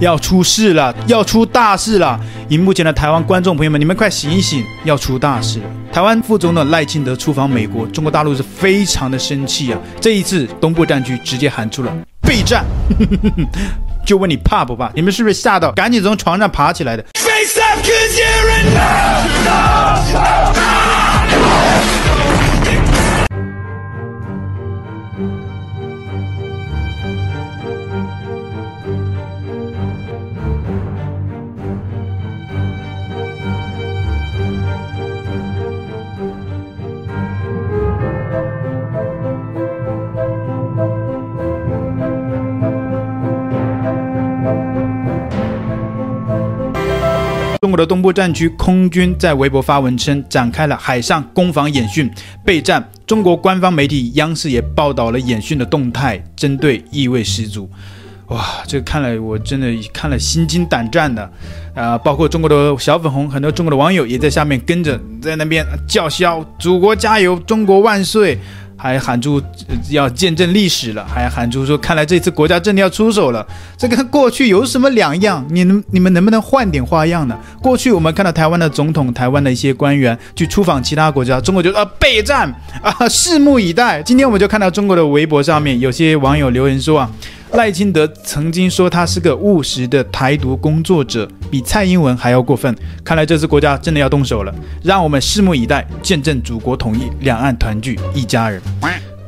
要出事了，要出大事了！熒幕前的台灣觀眾朋友們，你們快醒一醒！要出大事了！台灣副總統賴清德出訪美國，中國大陸是非常的生氣啊！這一次東部戰區直接喊出了備戰， 就問你怕不怕？你們是不是嚇到趕緊從床上爬起來的？Face up 中國的東部戰區空軍在微博發文稱，展開了海上攻防演訓備戰。中國官方媒體央視也報道了演訓的動態，針對意味十足。哇，這個看了我真的看了心驚膽戰的啊，呃！包括中國的小粉紅，很多中國的網友也在下面跟着在那邊叫囂：“祖國加油，中國萬歲！”還喊出、呃、要見證歷史了，還喊出說，看來這次國家真的要出手了，這跟過去有什麼兩樣？你能你們能不能換點花樣呢？過去我們看到台灣的總統、台灣的一些官員去出訪其他國家，中國就啊呃、備戰啊、呃，拭目以待。今天我們就看到中國的微博上面有些網友留言說啊。賴清德曾經說他是個務實的台獨工作者，比蔡英文還要過分。看來這次國家真的要動手了，讓我們拭目以待，見證祖國統一，兩岸團聚，一家人。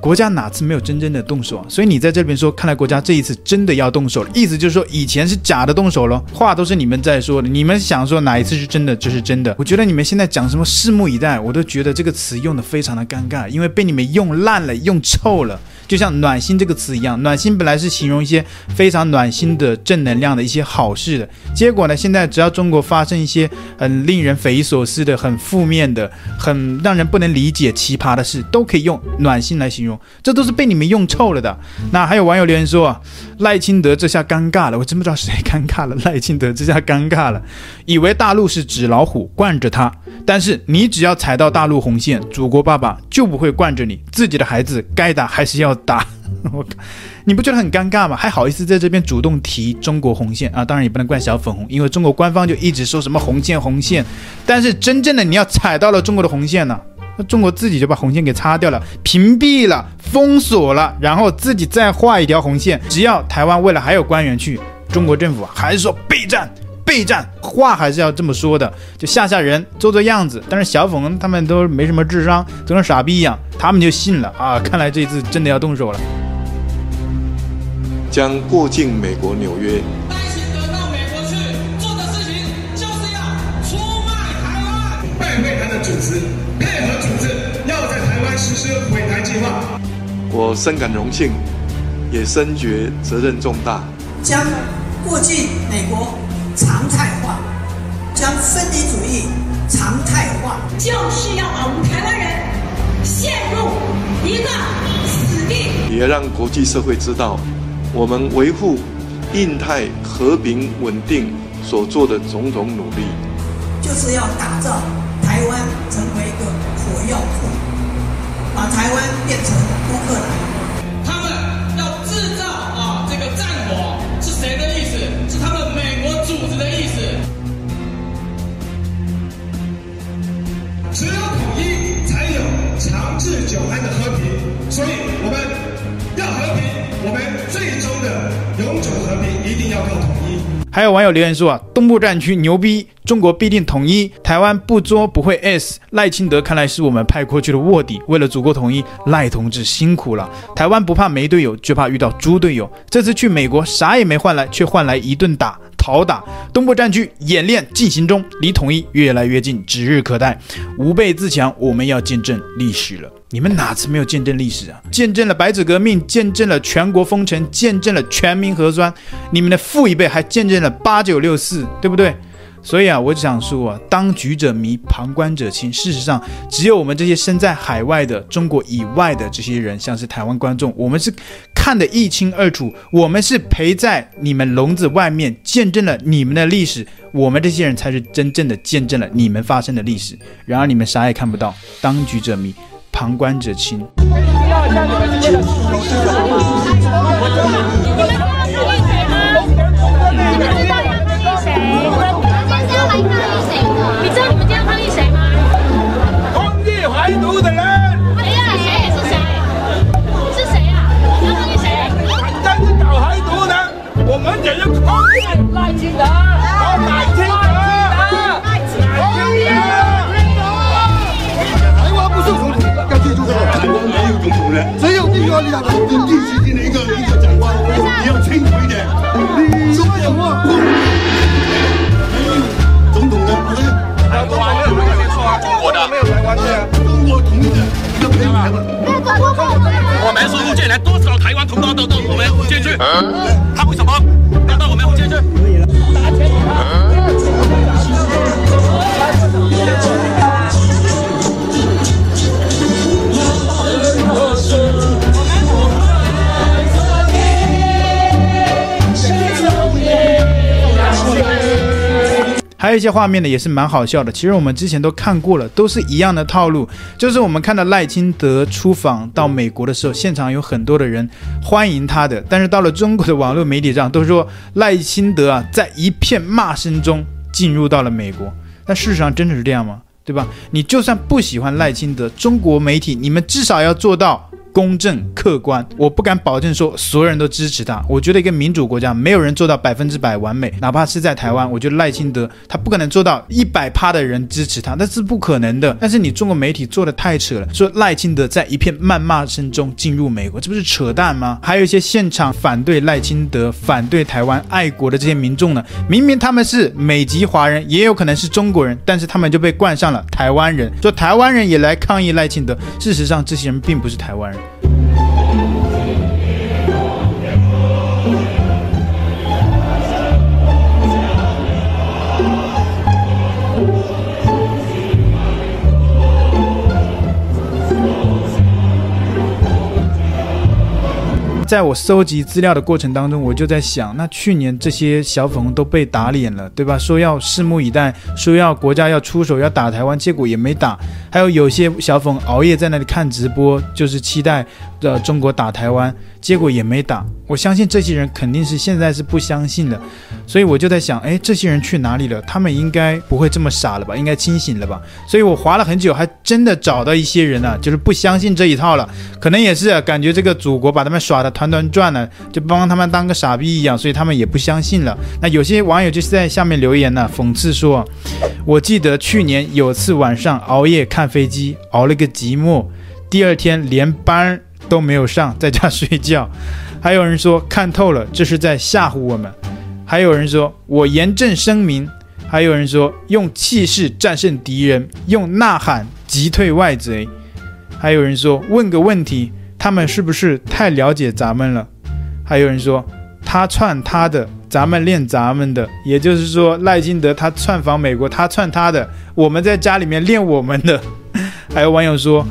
國家哪次沒有真正的動手啊？所以你在這邊說，看來國家這一次真的要動手了。意思就是說，以前是假的動手咯。話都是你們在說的，你們想說哪一次是真的，就是真的。我覺得你們現在講什麼“拭目以待”，我都覺得這個詞用得非常的尷尬，因為被你們用爛了、用臭了。就像“暖心”這個詞一樣，“暖心”本來是形容一些非常暖心的正能量的一些好事的。結果呢，現在只要中國發生一些很令人匪夷所思的、很負面的、很讓人不能理解、奇葩的事，都可以用“暖心”來形容。這都是被你們用臭了的。那還有網友留言說：“賴清德這下尷尬了，我真不知道誰尷尬了。賴清德這下尷尬了，以為大陸是紙老虎，慣着他。但是你只要踩到大陸紅線，祖國爸爸就不會慣着你。自己的孩子該打還是要打。我靠，你不覺得很尷尬嗎？還好意思在這邊主動提中國紅線啊？當然也不能怪小粉紅，因為中國官方就一直說什麼紅線紅線。但是真正的你要踩到了中國的紅線呢、啊？”那中國自己就把紅線給擦掉了，屏蔽了，封鎖了，然後自己再畫一條紅線。只要台灣未來還有官員去，中國政府還說備戰，備戰，話還是要這麼說的，就嚇嚇人，做做樣子。但是小粉他們都沒什麼智商，就像傻逼一樣，他們就信了啊！看來這次真的要動手了，將過境美國紐約。是美台計劃，我深感榮幸，也深覺責任重大。將過境美國常態化，將分離主義常態化，就是要把我們台灣人陷入一個死地。也讓國際社會知道，我們維護印太和平穩定所做的種種努力，就是要打造台灣成為一個火藥桶。把台灣變成烏克蘭。還有網友留言說啊，東部戰區牛逼，中國必定統一，台灣不作不會 s 賴清德，看來是我們派過去的臥底，為了祖國統一，賴同志辛苦了。台灣不怕沒隊友，就怕遇到豬隊友。這次去美國啥也沒換來，卻換來一頓打。好打，東部戰區演練進行中，離統一越來越近，指日可待。吾輩自強，我們要見證歷史了。你們哪次沒有見證歷史啊？見證了白紙革命，見證了全國封城，見證了全民核酸，你們的父一輩還見證了八九六四，對不對？所以啊，我只想說啊，當局者迷，旁觀者清。事實上，只有我們這些身在海外的、中國以外的這些人，像是台灣觀眾，我們是看得一清二楚。我們是陪在你們籠子外面，見證了你們的歷史。我們這些人才是真正的見證了你們發生的歷史。然而你們啥也看不到。當局者迷，旁觀者清。別別別別，我們是福建人，多少台灣同胞都到，到我們福建去，他為什麼要到我們福建去？這些畫面呢也是蠻好笑的。其實我們之前都看過了，都是一樣的套路。就是我們看到賴清德出訪到美國的時候，現場有很多的人歡迎他的，但是到了中國的網絡媒體上，都說賴清德啊在一片罵聲中進入到了美國。但事實上真的是這樣嗎？對吧？你就算不喜歡賴清德，中國媒體你們至少要做到。公正客觀，我不敢保證說所有人都支持他。我覺得一個民主國家沒有人做到百分之百完美，哪怕是在台灣，我覺得賴清德他不可能做到一百趴的人支持他，那是不可能的。但是你中國媒體做得太扯了，說賴清德在一片謾罵聲中進入美國，這不是扯淡嗎？還有一些現場反對賴清德、反對台灣愛國的這些民眾呢，明明他們是美籍華人，也有可能是中國人，但是他們就被冠上了台灣人，說台灣人也來抗議賴清德。事實上這些人並不是台灣人。在我搜集資料的過程當中，我就在想，那去年這些小粉紅都被打臉了，對吧？說要拭目以待，說要國家要出手，要打台灣，結果也沒打。還有有些小粉熬夜在那裡看直播，就是期待。的中國打台灣，結果也沒打。我相信這些人肯定是現在是不相信的，所以我就在想，誒，這些人去哪裡了？他們應該不會這麼傻了吧？應該清醒了吧？所以，我划了很久，還真的找到一些人呢、啊，就是不相信這一套了。可能也是感覺這個祖國把他們耍得團團轉呢，就幫他們當個傻逼一樣，所以他們也不相信了。那有些網友就是在下面留言呢，諷刺說：“我記得去年有次晚上熬夜看飛機，熬了個寂寞，第二天連班。”都沒有上，在家睡覺。還有人說看透了，這是在嚇唬我們。還有人說，我嚴正聲明。還有人說，用氣勢戰勝敵人，用吶喊擊退外賊。還有人說，問個問題，他們是不是太了解咱們了？還有人說，他竄他的，咱們練咱們的。也就是說，賴清德他竄訪美國，他竄他的，我們在家裡面練我們的。還有網友說，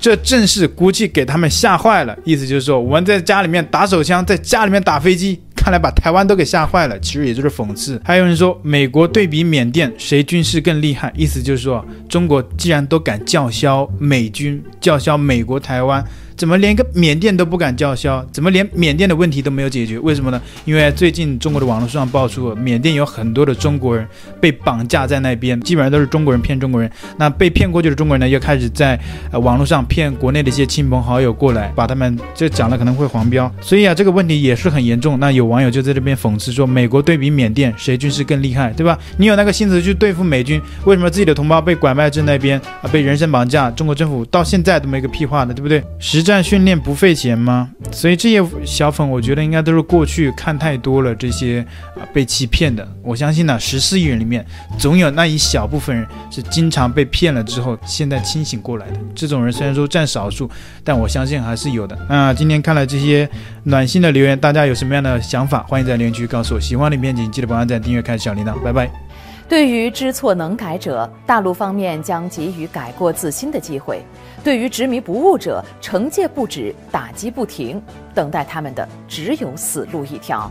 這陣勢估計給他們嚇壞了，意思就是說我們在家裡面打手槍，在家裡面打飛機，看來把台灣都給嚇壞了。其實也就是諷刺。還有人說，美國對比緬甸，誰軍事更厲害？意思就是說中國既然都敢叫囂美軍，叫囂美國台灣。怎麼連個緬甸都不敢叫囂？怎麼連緬甸的問題都沒有解決？為什麼呢？因為最近中國的網絡上爆出緬甸有很多的中國人被綁架在那邊，基本上都是中國人騙中國人。那被騙過去的中國人呢，又開始在呃網絡上騙國內的一些親朋好友過來，把他們這講的可能會黃標，所以啊這個問題也是很嚴重。那有網友就在這邊諷刺說，美國對比緬甸誰軍事更厲害，對吧？你有那個心思去對付美軍，為什麼自己的同胞被拐賣至那邊啊、呃，被人身綁架？中國政府到現在都沒個屁話呢，對不對？實。站訓練不費錢嗎？所以這些小粉，我覺得應該都是過去看太多了這些啊，被欺騙的。我相信呢、啊，十四億人裡面，總有那一小部分人是經常被騙了之後，現在清醒過來的。這種人雖然說占少數，但我相信還是有的。那、呃、今天看了這些暖心的留言，大家有什麼樣的想法？歡迎在留言區告訴我。喜歡的影片，請記得按讚、訂閱、開小鈴鐺。拜拜。對於知錯能改者，大陸方面將給予改過自新的機會。對於執迷不悟者，懲戒不止，打擊不停，等待他們的只有死路一條。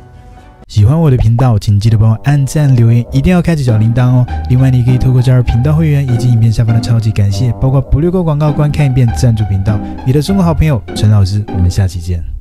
喜歡我的頻道，請記得幫我按讚、留言，一定要開啟小鈴鐺哦。另外，你可以透過加入頻道會員以及影片下方的超級感謝，包括不略過廣告、觀看一遍贊助頻道。你的中國好朋友陳老師，我們下期見。